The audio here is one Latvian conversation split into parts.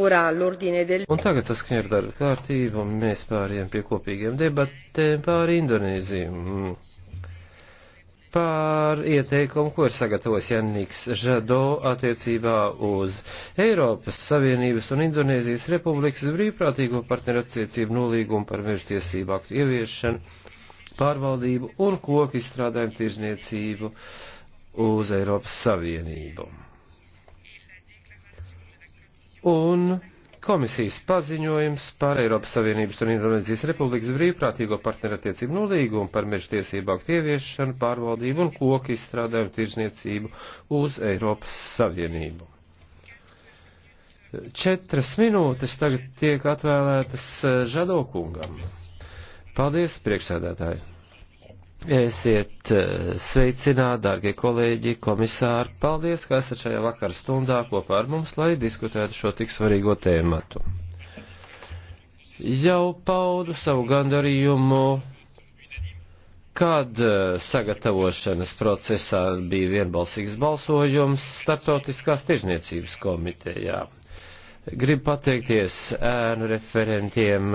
Ora l'ordine del... Un tagad saskaņā ar darba kārtību mēs pāriem pie kopīgiem debatēm pār Indonēziju. Pār ieteikumu, ko ir sagatavojis Janniks Žado attiecībā uz Eiropas Savienības un Indonēzijas Republikas brīvprātīgo partnerattiecību nolīgumu par mežu tiesību aktu ieviešanu, pārvaldību un koku izstrādājumu tirzniecību uz Eiropas Savienību un komisijas paziņojums par Eiropas Savienības un Indonēzijas Republikas brīvprātīgo partnerattiecību nolīgumu par meža tiesību aktu ieviešanu, pārvaldību un koku izstrādājumu tirzniecību uz Eiropas Savienību. Četras minūtes tagad tiek atvēlētas eh, Žadokungam. Paldies, priekšsēdētāji! Esiet eh, sveicināti, dārgie kolēģi, komisāri. Paldies, ka esat šajā vakara stundā kopā ar mums, lai diskutētu šo tik svarīgo tēmatu. Jau paudu savu gandarījumu, kad eh, sagatavošanas procesā bija vienbalsīgs balsojums Startautiskās tirzniecības komitejā. Gribu pateikties ēnu referentiem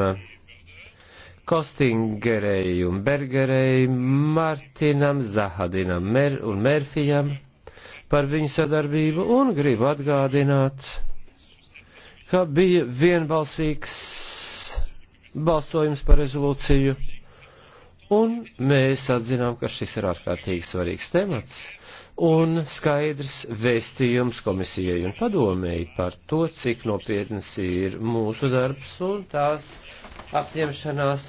Kostingerei un Bergerei, Martinam, Zahadinam Mer un Merfijam par viņu sadarbību un gribu atgādināt, ka bija vienbalsīgs balsojums par rezolūciju, un mēs atzinām, ka šis ir ārkārtīgi svarīgs temats un skaidrs vēstījums komisijai un padomēji par to, cik nopietnas ir mūsu darbs un tās apņemšanās,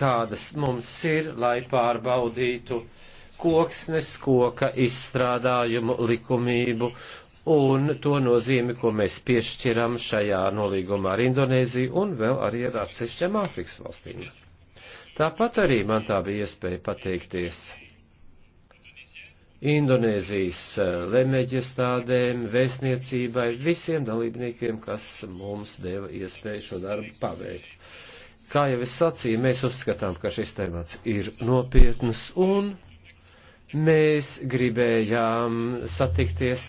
kādas mums ir, lai pārbaudītu koksnes koka izstrādājumu likumību un to nozīmi, ko mēs piešķiram šajā nolīgumā ar Indonēziju un vēl arī ar atsevišķiem Āfrikas valstīm. Tāpat arī man tā bija iespēja pateikties Indonēzijas eh, lemēģiestādēm, vēstniecībai, visiem dalībniekiem, kas mums deva iespēju šo darbu paveikt. Kā jau es sacīju, mēs uzskatām, ka šis temats ir nopietnas un mēs gribējām satikties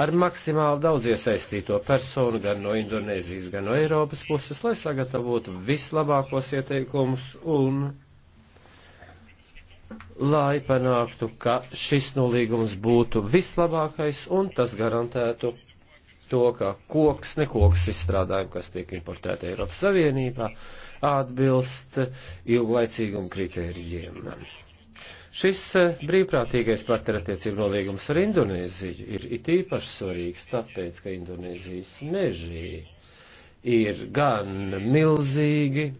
ar maksimāli daudz iesaistīto personu gan no Indonēzijas, gan no Eiropas puses, lai sagatavotu vislabākos ieteikumus un lai panāktu, ka šis nolīgums būtu vislabākais un tas garantētu to, ka koks, ne koks izstrādājumi, kas tiek importēti Eiropas Savienībā, atbilst ilglaicīgum kritērijiem. Šis eh, brīvprātīgais partnerattiecību nolīgums ar Indonēziju ir it īpaši svarīgs, tāpēc, ka Indonēzijas mežī ir gan milzīgi,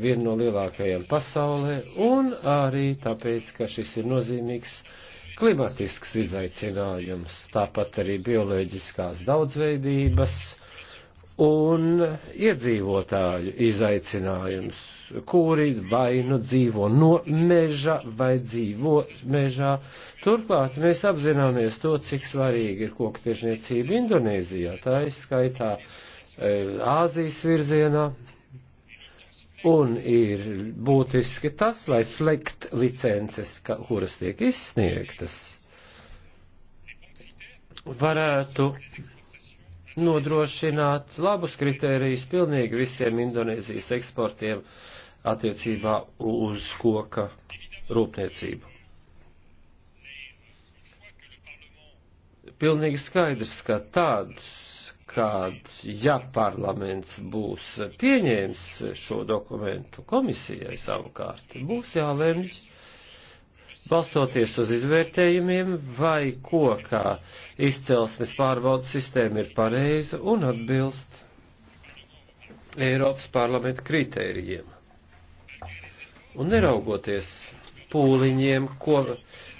viena no lielākajām pasaulē, un arī tāpēc, ka šis ir nozīmīgs klimatisks izaicinājums, tāpat arī bioloģiskās daudzveidības un iedzīvotāju izaicinājums, kuri vai nu dzīvo no meža vai dzīvo mežā. Turklāt mēs apzināmies to, cik svarīgi ir koku tiešniecība Indonēzijā, tā izskaitā eh, Āzijas virzienā, Un ir būtiski tas, lai flekt licences, kuras tiek izsniegtas, varētu nodrošināt labus kritērijus pilnīgi visiem Indonēzijas eksportiem attiecībā uz koka rūpniecību. Pilnīgi skaidrs, ka tāds kad, ja parlaments būs pieņēmis šo dokumentu komisijai savukārt, būs jālēmj balstoties uz izvērtējumiem, vai ko, kā izcelsmes pārbaudas sistēma ir pareiza un atbilst Eiropas parlamenta kritērijiem. Un neraugoties pūliņiem, ko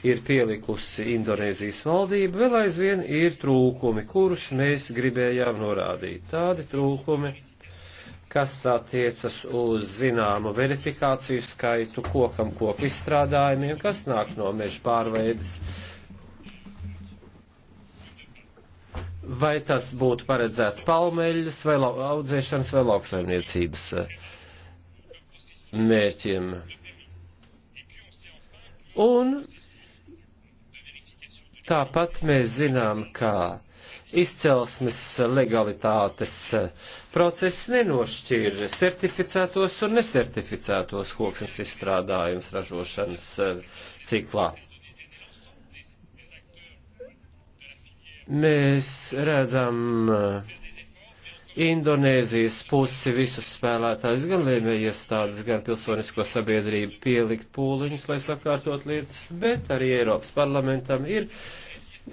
ir pielikusi Indonēzijas valdība, vēl aizvien ir trūkumi, kurus mēs gribējām norādīt. Tādi trūkumi, kas attiecas uz zināmu verifikāciju skaitu kokam koku izstrādājumiem, kas nāk no meža pārveides. Vai tas būtu paredzēts palmeļas vai audzēšanas vai lauksaimniecības eh, mērķiem? Un Tāpat mēs zinām, ka izcelsmes legalitātes process nenošķir certificētos un nesertificētos koksnes izstrādājums ražošanas eh, ciklā. Mēs redzam uh, Indonēzijas pusi visus spēlētājus, gan lēmēja iestādes, gan pilsonisko sabiedrību pielikt pūliņus, lai sakārtot lietas, bet arī Eiropas parlamentam ir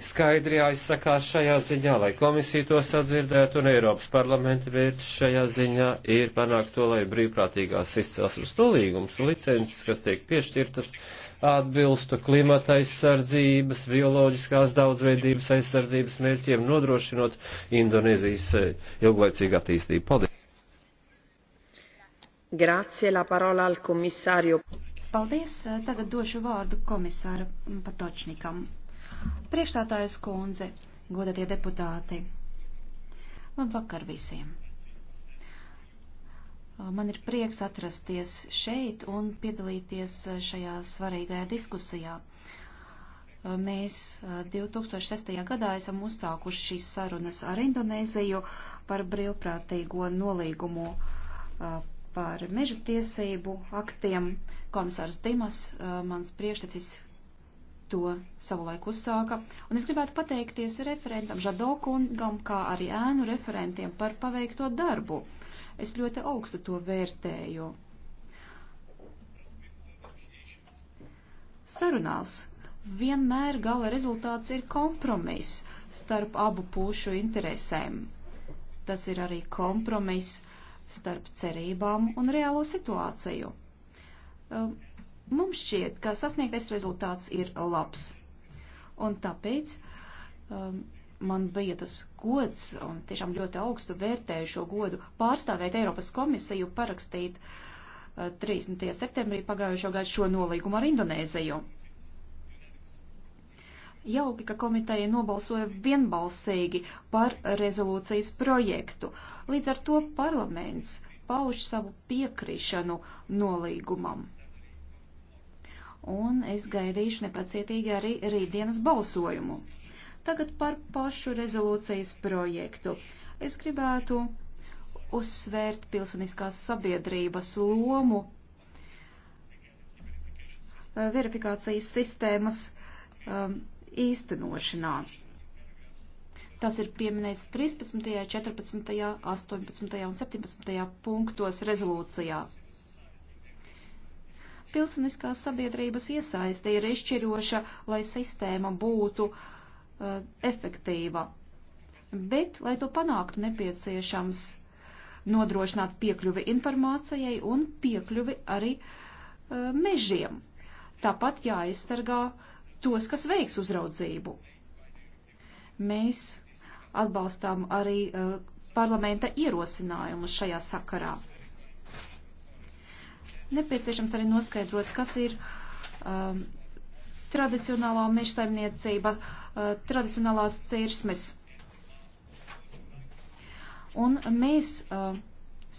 skaidri aizsakās šajā ziņā, lai komisija to sadzirdētu, un Eiropas parlamenta vērts šajā ziņā ir panākt to, lai brīvprātīgās izcelsmes nolīgums un licences, kas tiek piešķirtas, uh, atbilstu klimata aizsardzības, bioloģiskās daudzveidības aizsardzības mērķiem, nodrošinot Indonēzijas eh, ilglaicīgu attīstību. Paldies! Grazie, la parola al komisārio. Paldies, tagad došu vārdu komisāra Patočnikam. Priekšstātājas kundze, godatie deputāti. Labvakar visiem! Uh, man ir prieks atrasties šeit un piedalīties uh, šajā svarīgajā diskusijā. Uh, mēs 2006. gadā esam uzsākuši šīs sarunas ar Indonēziju par brīvprātīgo nolīgumu par meža tiesību aktiem. Komisārs Dimas, mans priekštecis, to savulaik uzsāka. Un es gribētu pateikties referentam Žadokungam, kā arī ēnu referentiem par paveikto darbu. Es ļoti augstu to vērtēju. Sarunās vienmēr gala rezultāts ir kompromiss starp abu pušu interesēm. Tas ir arī kompromiss starp cerībām un reālo situāciju. Ehm, mums šķiet, ka sasniegtais rezultāts ir labs. Un tāpēc um, man bija tas gods, un es tiešām ļoti augstu vērtēju šo godu, pārstāvēt Eiropas komisiju, parakstīt uh, eh, 30. septembrī pagājušo gadu šo nolīgumu ar Indonēziju. Jauki, ka komiteja nobalsoja vienbalsīgi par rezolūcijas projektu. Līdz ar to parlaments pauž savu piekrišanu nolīgumam. Un es gaidīšu nepacietīgi arī rītdienas balsojumu. Tagad par pašu rezolūcijas projektu. Es gribētu uzsvērt pilsoniskās sabiedrības lomu eh, verifikācijas sistēmas um, īstenošanā. Tas ir pieminēts 13., 14., 18. un 17. punktos rezolūcijā. Pilsoniskās sabiedrības iesaiste ir izšķiroša, lai sistēma būtu uh, Eh, efektīva. Bet, lai to panāktu, nepieciešams nodrošināt piekļuvi informācijai un piekļuvi arī eh, mežiem. Tāpat jāaizsargā tos, kas veiks uzraudzību. Mēs atbalstām arī eh, parlamenta ierosinājumus šajā sakarā. Nepieciešams arī noskaidrot, kas ir um, tradicionālā mežsaimniecība, eh, tradicionālās cirsmes. Un mēs eh,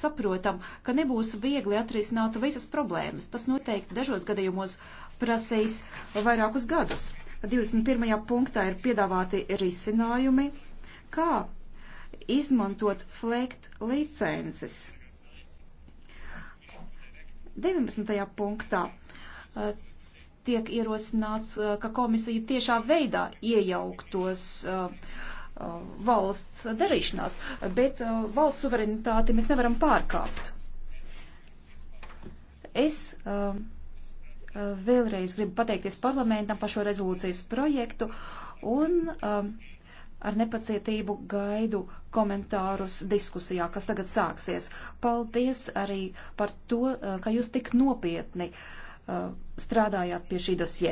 saprotam, ka nebūs viegli atrisināt visas problēmas. Tas noteikti dažos gadījumos prasīs vairākus gadus. 21. punktā ir piedāvāti risinājumi, kā izmantot flekt licences. 19. punktā eh, tiek ierosināts, eh, ka komisija tiešā veidā iejauktos eh, eh, valsts darīšanās, bet valsts suverenitāti mēs nevaram pārkāpt. Es vēlreiz gribu pateikties parlamentam par šo rezolūcijas projektu un ar nepacietību gaidu komentārus diskusijā, kas tagad sāksies. Paldies arī par to, ka jūs tik nopietni uh, Uh, strādājāt pie šī dosie.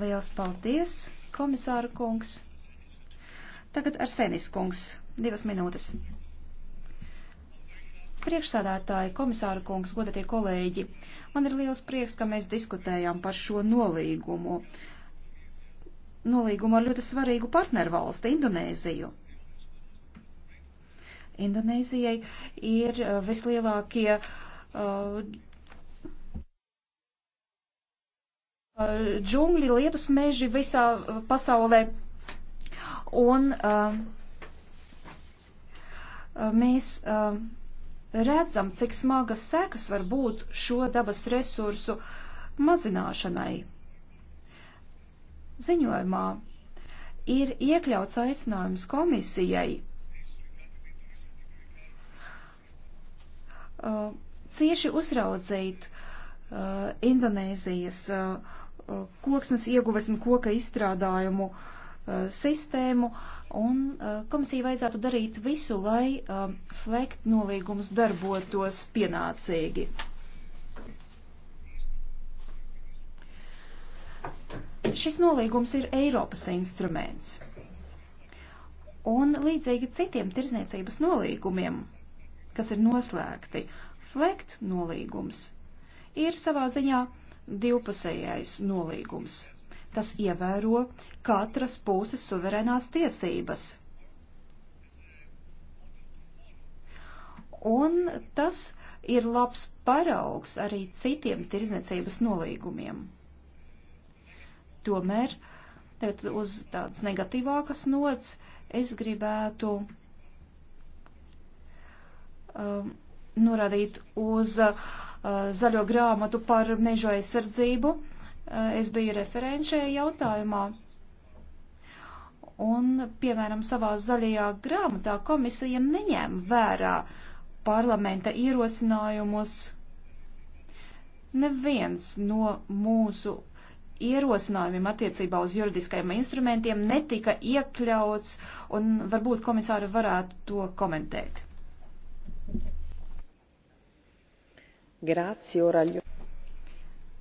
Liels paldies, komisāra kungs. Tagad Arsenis kungs, divas minūtes. Priekšsādātāji, komisāra kungs, godatie kolēģi, man ir liels prieks, ka mēs diskutējām par šo nolīgumu. Nolīgumu ar ļoti svarīgu partneru valsti, Indonēziju. Indonēzijai ir uh, vislielākie uh, Uh, džungļi, lietus meži visā uh, pasaulē. Un uh, uh, mēs uh, redzam, cik smagas sekas var būt šo dabas resursu mazināšanai. Ziņojumā ir iekļauts aicinājums komisijai uh, cieši uzraudzīt uh, Indonēzijas uh, uh koksnes ieguves un koka izstrādājumu uh, sistēmu, un uh, komisija vajadzētu darīt visu, lai uh, flekt nolīgums darbotos pienācīgi. Šis nolīgums ir Eiropas instruments. Un līdzīgi citiem tirzniecības nolīgumiem, kas ir noslēgti, flekt nolīgums ir savā ziņā divpusējais nolīgums. Tas ievēro katras puses suverēnās tiesības. Un tas ir labs paraugs arī citiem tirzniecības nolīgumiem. Tomēr tagad uz tādas negatīvākas nots es gribētu um, norādīt uz uh, Uh, zaļo grāmatu par mežu aizsardzību. Uh, es biju referenšēja jautājumā. Un, piemēram, savā zaļajā grāmatā komisija neņem vērā parlamenta ierosinājumus. Neviens no mūsu ierosinājumiem attiecībā uz juridiskajiem instrumentiem netika iekļauts, un varbūt komisāri varētu to komentēt.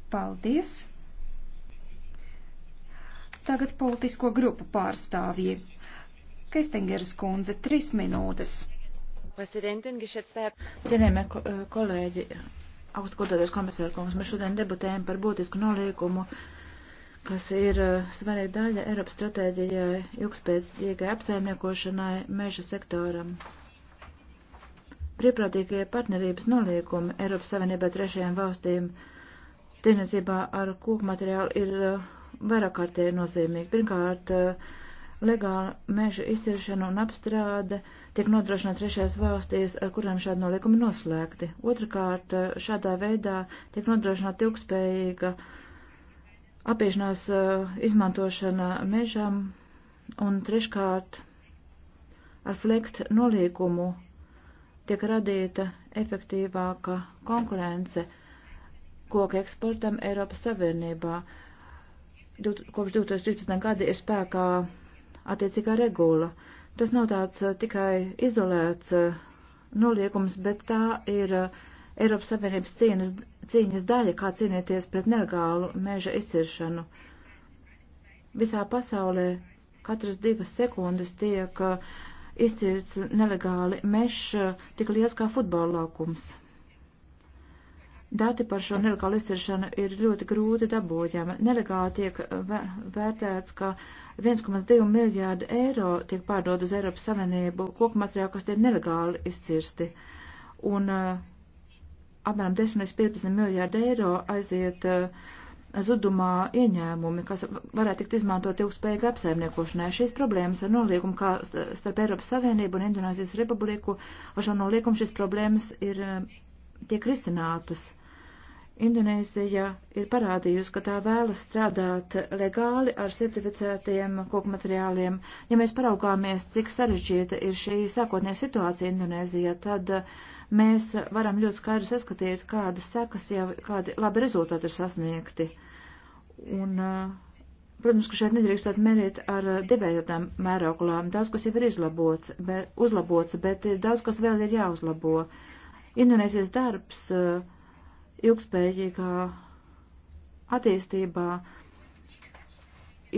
Paldies! Tagad politisko grupu pārstāvji. Kestingeras kundze, trīs minūtes. Cienījamie kolēģi, augstu godāties komisārkungs, mēs šodien debatējam par būtisku nolīkumu, kas ir eh, svarīga daļa Eiropas stratēģijai, ilgspējīgai apsaimniekošanai, meža sektoram brīvprātīgie partnerības noliekumi Eiropas Savienībā trešajām valstīm tirniecībā ar kokmateriālu ir eh, vairāk kārtē nozīmīgi. Pirmkārt, eh, legāla meža izciršana un apstrāde tiek nodrošināta trešajās valstīs, ar kurām šādi noliekumi noslēgti. Otrakārt, eh, šādā veidā tiek nodrošināta ilgspējīga apiešanās izmantošana mežam un treškārt ar flekt nolīgumu tiek radīta efektīvāka konkurence koku eksportam Eiropas Savienībā. Kopš 2013. gada ir spēkā attiecīgā regula. Tas nav tāds eh, tikai izolēts eh, noliekums, bet tā ir eh, Eiropas Savienības cīnas, cīņas daļa, kā cīnīties pret nelegālu meža izciršanu. Visā pasaulē katras divas sekundes tiek uh, izcirts nelegāli mešs eh, tik liels kā futbola laukums. Dati par šo nelegālu izciršanu ir ļoti grūti dabūjami. Nelegāli tiek eh, vērtēts, ka 1,2 miljārdu eiro tiek pārdod uz Eiropas Savienību kokmateriālu, kas ir nelegāli izcirsti. Un uh, apmēram 10-15 miljārdu eiro aiziet uh, zudumā ieņēmumi, kas varētu tikt izmantot ilgspējīgai apsaimniekošanai. Šīs problēmas ar nolīgumu, kā starp Eiropas Savienību un Indonēzijas Republiku, ar šo nolīgumu šīs problēmas ir, um, tiek risinātas. Indonēzija ir parādījusi, ka tā vēlas strādāt legāli ar certificētiem kokmateriāliem. Ja mēs paraugāmies, cik sarežģīta ir šī sākotnē situācija Indonēzijā, tad uh, mēs varam ļoti skaidri saskatīt, kādas sekas jau, kādi labi rezultāti ir sasniegti. Un, eh, protams, ka šeit nedrīkstāt mērīt ar debētām mēroklām. Daudz, kas jau ir izlabots, be, uzlabots, bet daudz, kas vēl ir jāuzlabo. Indonēzijas darbs eh, ilgspējīgā attīstībā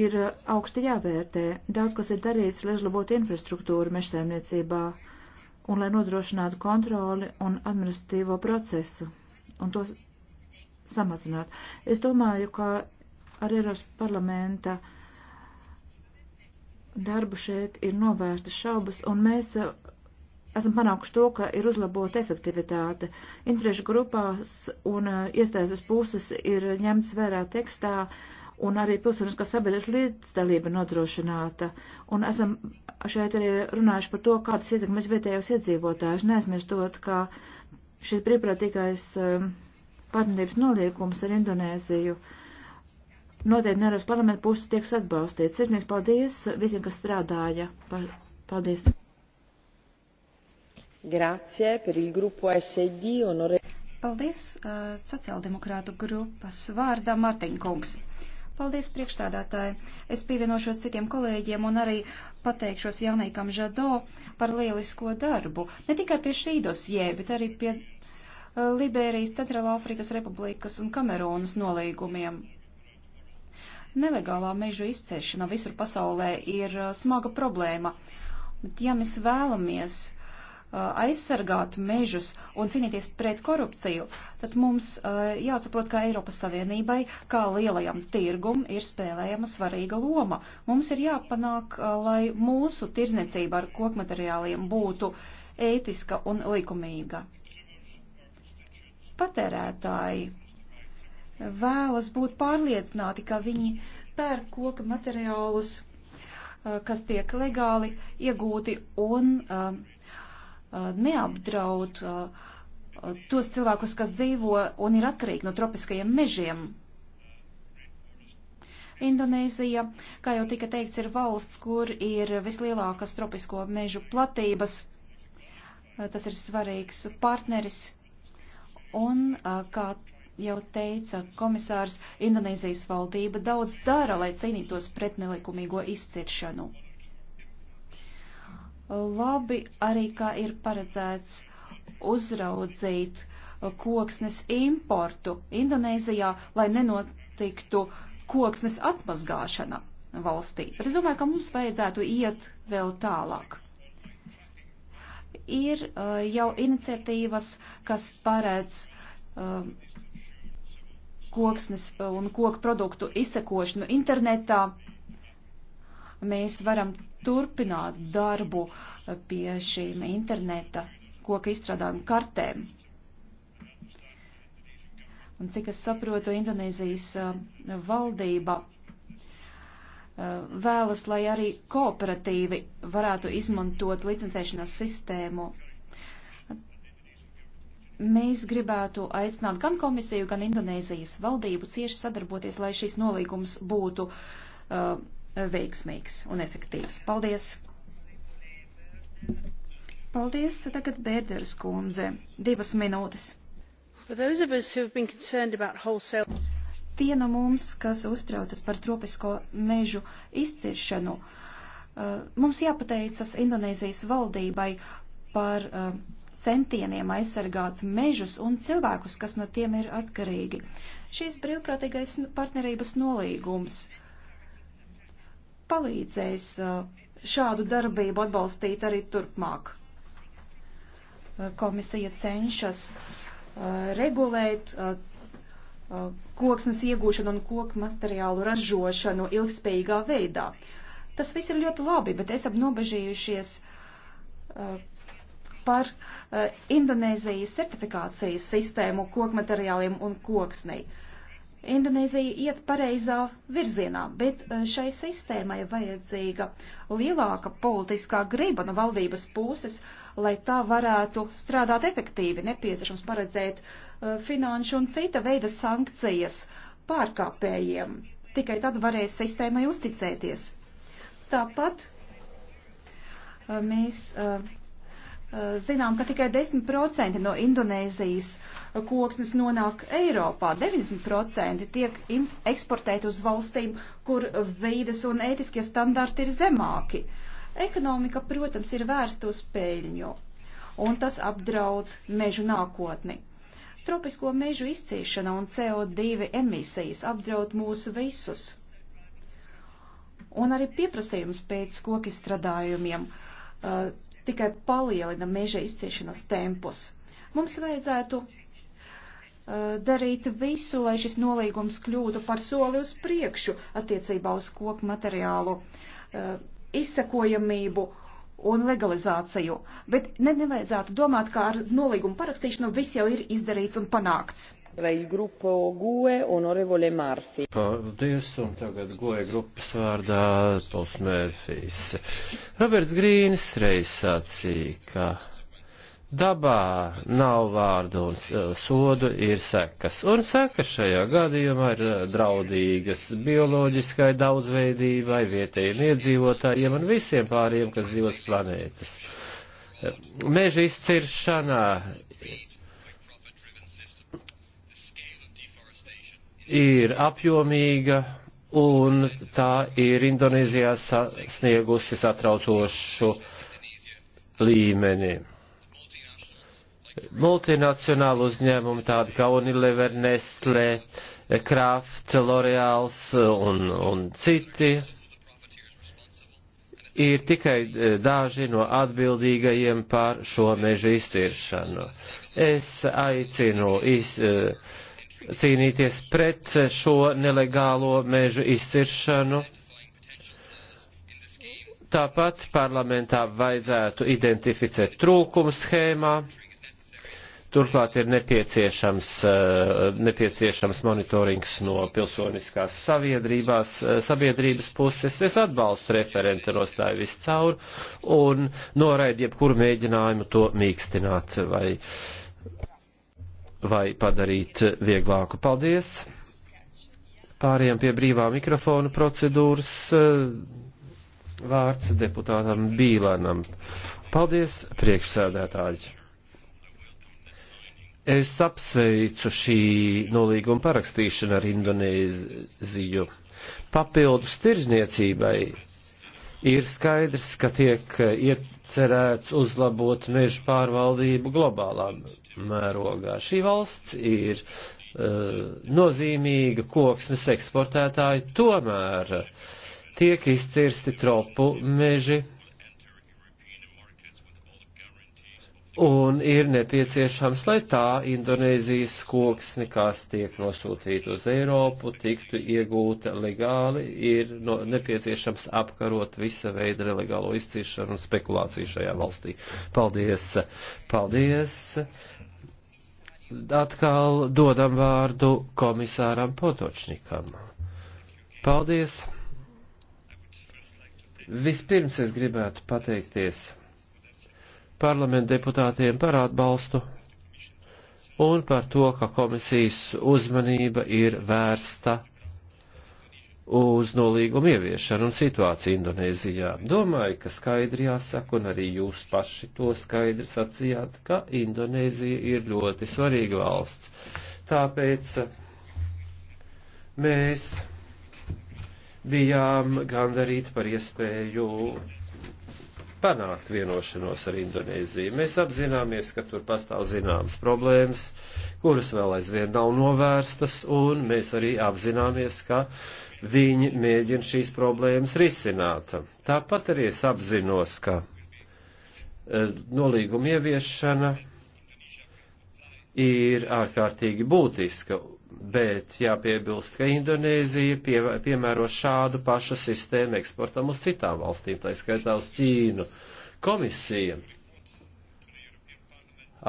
ir augsti jāvērtē. Daudz, kas ir darīts, lai uzlabotu infrastruktūru mežsaimniecībā un lai nodrošinātu kontroli un administratīvo procesu un to samazināt. Es domāju, ka ar Eiros parlamenta darbu šeit ir novērsta šaubas, un mēs eh, esam panākuši to, ka ir uzlabota efektivitāte. Interešu grupās un eh, iestājas puses ir ņemts vērā tekstā uh, un arī pilsoniskā sabiedrības līdzdalība nodrošināta. Un esam šeit arī runājuši par to, kādas ietekmes vietējos iedzīvotājus, neaizmirstot, ka šis brīvprātīgais um, partnerības noliekums ar Indonēziju noteikti no Eiropas parlamenta puses tieks atbalstīts. Sirsnīgs paldies visiem, kas strādāja. Paldies. Grazie per il gruppo SD, onore. Paldies, uh, sociāldemokrātu grupas vārdā Mārtiņkungs. Paldies, priekšstādātāji. Es pievienošos citiem kolēģiem un arī pateikšos Jaunīkam Žado par lielisko darbu. Ne tikai pie šī dosjē, bet arī pie uh, Liberijas, Centrālā Afrikas Republikas un Kamerūnas nolīgumiem. Nelegālā mežu izcēšana visur pasaulē ir uh, smaga problēma. Bet, ja mēs vēlamies Uh, aizsargāt mežus un cīnīties pret korupciju, tad mums uh, jāsaprot, ka Eiropas Savienībai, kā lielajam tirgum, ir spēlējama svarīga loma. Mums ir jāpanāk, uh, lai mūsu tirzniecība ar kokmateriāliem būtu ētiska un likumīga. Patērētāji vēlas būt pārliecināti, ka viņi pērk koka materiālus, kas tiek legāli iegūti un uh, Uh, neapdraud uh, uh, tos cilvēkus, kas dzīvo un ir atkarīgi no tropiskajiem mežiem. Indonēzija, kā jau tika teikts, ir valsts, kur ir vislielākas tropisko mežu platības. Tas ir svarīgs partneris. Un, kā jau teica komisārs, Indonēzijas valdība daudz dara, lai cīnītos pret nelikumīgo izciešanu labi arī, kā ir paredzēts, uzraudzīt koksnes importu Indonēzijā, lai nenotiktu koksnes atmazgāšana valstī. Bet es domāju, ka mums vajadzētu iet vēl tālāk. Ir uh, jau iniciatīvas, kas paredz uh, koksnes un koku produktu izsekošanu internetā, mēs varam turpināt darbu pie šīm interneta koka izstrādājuma kartēm. Un cik es saprotu, Indonēzijas eh, valdība eh, vēlas, lai arī kooperatīvi varētu izmantot licencēšanas sistēmu. Mēs gribētu aicināt gan komisiju, gan Indonēzijas valdību cieši sadarboties, lai šīs nolīgums būtu uh, veiksmīgs un efektīvs. Paldies! Paldies, tagad Bērderas kundze. Divas minūtes. Wholesale... Tie no mums, kas uztraucas par tropisko mežu izciršanu, eh, mums jāpateicas Indonēzijas valdībai par eh, centieniem aizsargāt mežus un cilvēkus, kas no tiem ir atkarīgi. Šīs brīvprātīgais partnerības nolīgums uh, palīdzēs uh, šādu darbību atbalstīt arī turpmāk. Uh, komisija cenšas uh, regulēt koksnes iegūšanu un koku materiālu ražošanu ilgspējīgā veidā. Tas viss ir ļoti labi, bet esam nobežījušies par Indonēzijas certifikācijas sistēmu kokmateriāliem un koksnei. Uh, Indonēzija iet pareizā virzienā, bet eh, šai sistēmai vajadzīga lielāka politiskā griba no valdības puses, lai tā varētu strādāt efektīvi, nepieciešams paredzēt uh, finanšu un cita veida sankcijas pārkāpējiem. Tikai tad varēs sistēmai uzticēties. Tāpat uh, mēs uh, Eh, zinām, ka tikai 10% no Indonēzijas eh, koksnes nonāk Eiropā. 90% tiek eksportēti uz valstīm, kur vīdes un ētiskie standarti ir zemāki. Ekonomika, protams, ir vērsta uz peļņu, un tas apdraud mežu nākotni. Tropisko mežu izcīšana un CO2 emisijas apdraud mūs visus. Un arī pieprasījums pēc koki strādājumiem uh, tikai palielina meža izciešanas tempus. Mums vajadzētu uh, darīt visu, lai šis nolīgums kļūtu par soli uz priekšu attiecībā uz koku materiālu uh, izsekojamību un legalizāciju, bet ne, nevajadzētu domāt, ka ar nolīgumu parakstīšanu viss jau ir izdarīts un panākts. E, Paldies, un tagad goja e grupas vārdā Pols Mērfijs. Roberts Grīnis reiz sacīja, ka dabā nav vārdu un eh, sodu ir sekas, un sekas šajā gadījumā ir eh, draudīgas bioloģiskai daudzveidībai, vietējiem iedzīvotājiem un visiem pāriem, kas dzīvos planētas. Eh, Meža izciršanā ir apjomīga un tā ir Indonēzijā sasniegusi satraucošu līmeni. Multinacionāli uzņēmumi tādi kā Unilever, Nestle, Kraft, L'Oreals un, un citi ir tikai daži no atbildīgajiem par šo mežu izciršanu. Es aicinu iz, uh, cīnīties pret šo nelegālo mežu izciršanu. Tāpat parlamentā vajadzētu identificēt trūkumu schēmā. Turklāt ir nepieciešams, eh, nepieciešams monitorings no pilsoniskās eh, sabiedrības puses. Es atbalstu referenta nostāju viscaur un noraidu jebkuru mēģinājumu to mīkstināt vai vai padarīt vieglāku. Paldies! Pāriem pie brīvā mikrofona procedūras eh, vārds deputātam Bīlēnam. Paldies, priekšsēdētāji! Es apsveicu šī nolīguma parakstīšanu ar Indonēziju. Papildus tirzniecībai ir skaidrs, ka tiek eh, iecerēts uzlabot mežu pārvaldību globālā mērogā. Šī valsts ir uh, nozīmīga koksnes eksportētāja, tomēr tiek izcirsti tropu meži un ir nepieciešams, lai tā Indonēzijas koksne, kas tiek nosūtīta uz Eiropu, tiktu iegūta legāli, ir no, nepieciešams apkarot visa veida nelegālo izcīšanu un spekulāciju šajā valstī. Paldies! Paldies! Atkal dodam vārdu komisāram Potočnikam. Paldies! Vispirms es gribētu pateikties parlamenta deputātiem par atbalstu un par to, ka komisijas uzmanība ir vērsta uz nolīgumu ieviešanu un situāciju Indonēzijā. Domāju, ka skaidri jāsaka, un arī jūs paši to skaidri sacījāt, ka Indonēzija ir ļoti svarīga valsts. Tāpēc mēs bijām gandarīti par iespēju panākt vienošanos ar Indonēziju. Mēs apzināmies, ka tur pastāv zināmas problēmas, kuras vēl aizvien nav novērstas, un mēs arī apzināmies, ka viņi mēģina šīs problēmas risināt. Tāpat arī es apzinos, ka e, nolīguma ieviešana ir ārkārtīgi būtiska bet jāpiebilst, ka Indonēzija pie, piemēro šādu pašu sistēmu eksportam uz citām valstīm, tā skaitā uz Ķīnu. Komisija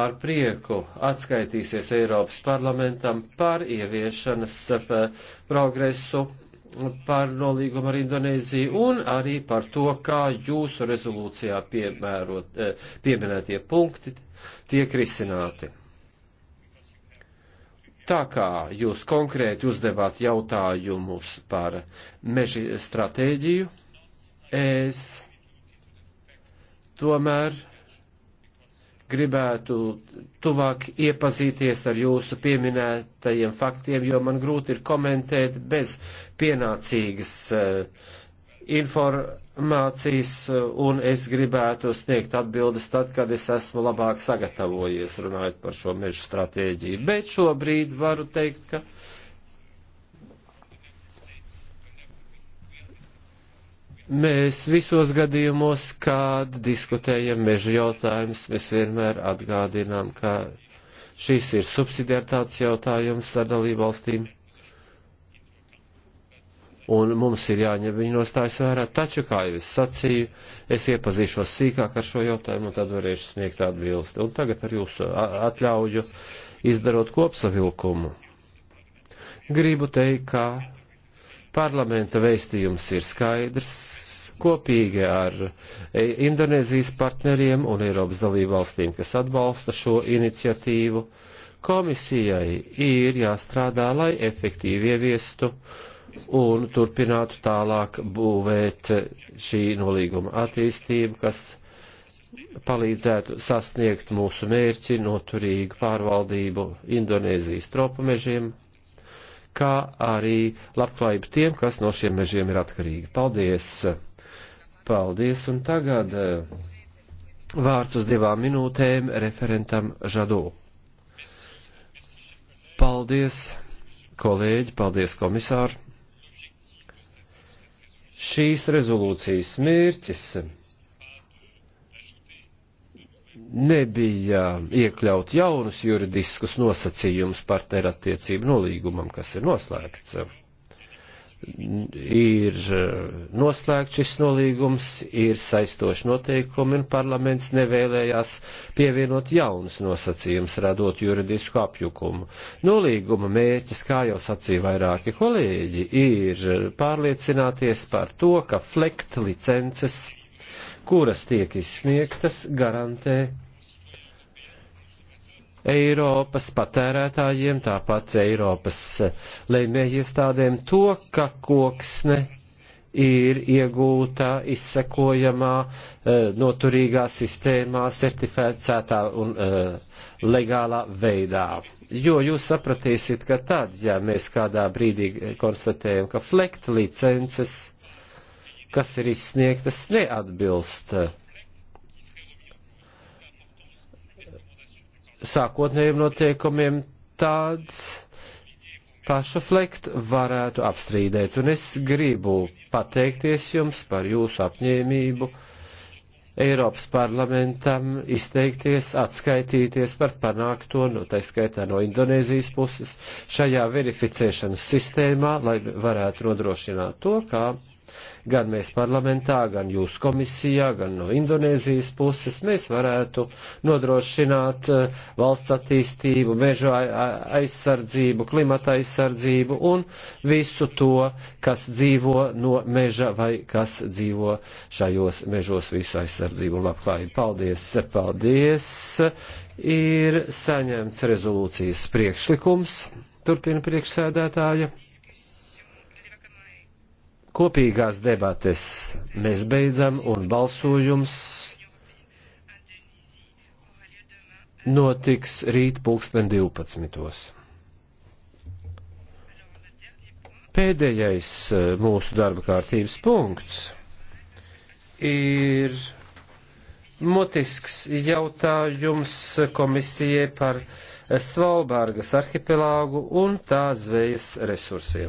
ar prieku atskaitīsies Eiropas parlamentam par ieviešanas progresu par nolīgumu ar Indonēziju un arī par to, kā jūsu rezolūcijā piemērot, eh, pieminētie punkti tiek risināti. Tā kā jūs konkrēti uzdevāt jautājumus par meža stratēģiju, es tomēr gribētu tuvāk iepazīties ar jūsu pieminētajiem faktiem, jo man grūti ir komentēt bez pienācīgas uh, eh, informācijas mācīs, un es gribētu sniegt atbildes tad, kad es esmu labāk sagatavojies runājot par šo mežu stratēģiju. Bet šobrīd varu teikt, ka. Mēs visos gadījumos, kad diskutējam mežu jautājumus, mēs vienmēr atgādinām, ka šis ir subsidiartāts jautājums ar dalību valstīm un mums ir jāņem viņa nostājas vērā, taču, kā jau es sacīju, es iepazīšos sīkāk ar šo jautājumu un tad varēšu sniegt atbildi. Un tagad ar jūsu atļauju izdarot kopsavilkumu. Gribu teikt, ka parlamenta veistījums ir skaidrs, kopīgi ar e, Indonēzijas partneriem un Eiropas dalību valstīm, kas atbalsta šo iniciatīvu. Komisijai ir jāstrādā, lai efektīvi ieviestu uh, un turpinātu tālāk būvēt šī nolīguma attīstību, kas palīdzētu sasniegt mūsu mērķi noturīgu pārvaldību Indonēzijas tropu mežiem, kā arī labklājību tiem, kas no šiem mežiem ir atkarīgi. Paldies! Paldies! Un tagad eh, vārds uz divām minūtēm referentam Žadū. Paldies, kolēģi, paldies, komisāri! šīs rezolūcijas mērķis nebija iekļaut jaunus juridiskus nosacījumus partnerattiecību nolīgumam, kas ir noslēgts ir eh, noslēgts šis nolīgums, ir saistoši noteikumi, un parlaments nevēlējās pievienot jaunus nosacījumus, radot juridisku apjukumu. Nolīguma mērķis, kā jau sacīja vairāki kolēģi, ir pārliecināties par to, ka flekt licences, kuras tiek izsniegtas, garantē Eiropas patērētājiem, tāpat Eiropas eh, lēmējiestādēm to, ka koksne ir iegūta, izsekojamā, eh, noturīgā sistēmā, certificētā un eh, legālā veidā. Jo jūs sapratīsiet, ka tad, ja mēs kādā brīdī konstatējam, ka flekt licences, kas ir izsniegtas, neatbilst uh, sākotnējiem noteikumiem tāds pašu flekt varētu apstrīdēt. Un es gribu pateikties jums par jūsu apņēmību Eiropas parlamentam izteikties, atskaitīties par panākto, no nu, tā skaitā no Indonēzijas puses, šajā verificēšanas sistēmā, lai varētu nodrošināt to, kā gan mēs parlamentā, gan jūs komisijā, gan no Indonēzijas puses, mēs varētu nodrošināt eh, valsts attīstību, mežu aizsardzību, klimata aizsardzību un visu to, kas dzīvo no meža vai kas dzīvo šajos mežos visu aizsardzību un labklājību. Paldies, paldies! Ir saņemts rezolūcijas priekšlikums, turpina priekšsēdētāja. Kopīgās debates mēs beidzam un balsojums notiks rīt pulksten 12. Pēdējais eh, mūsu darba kārtības punkts ir motisks jautājums komisijai par Svalbārgas arhipelāgu un tā zvejas resursiem.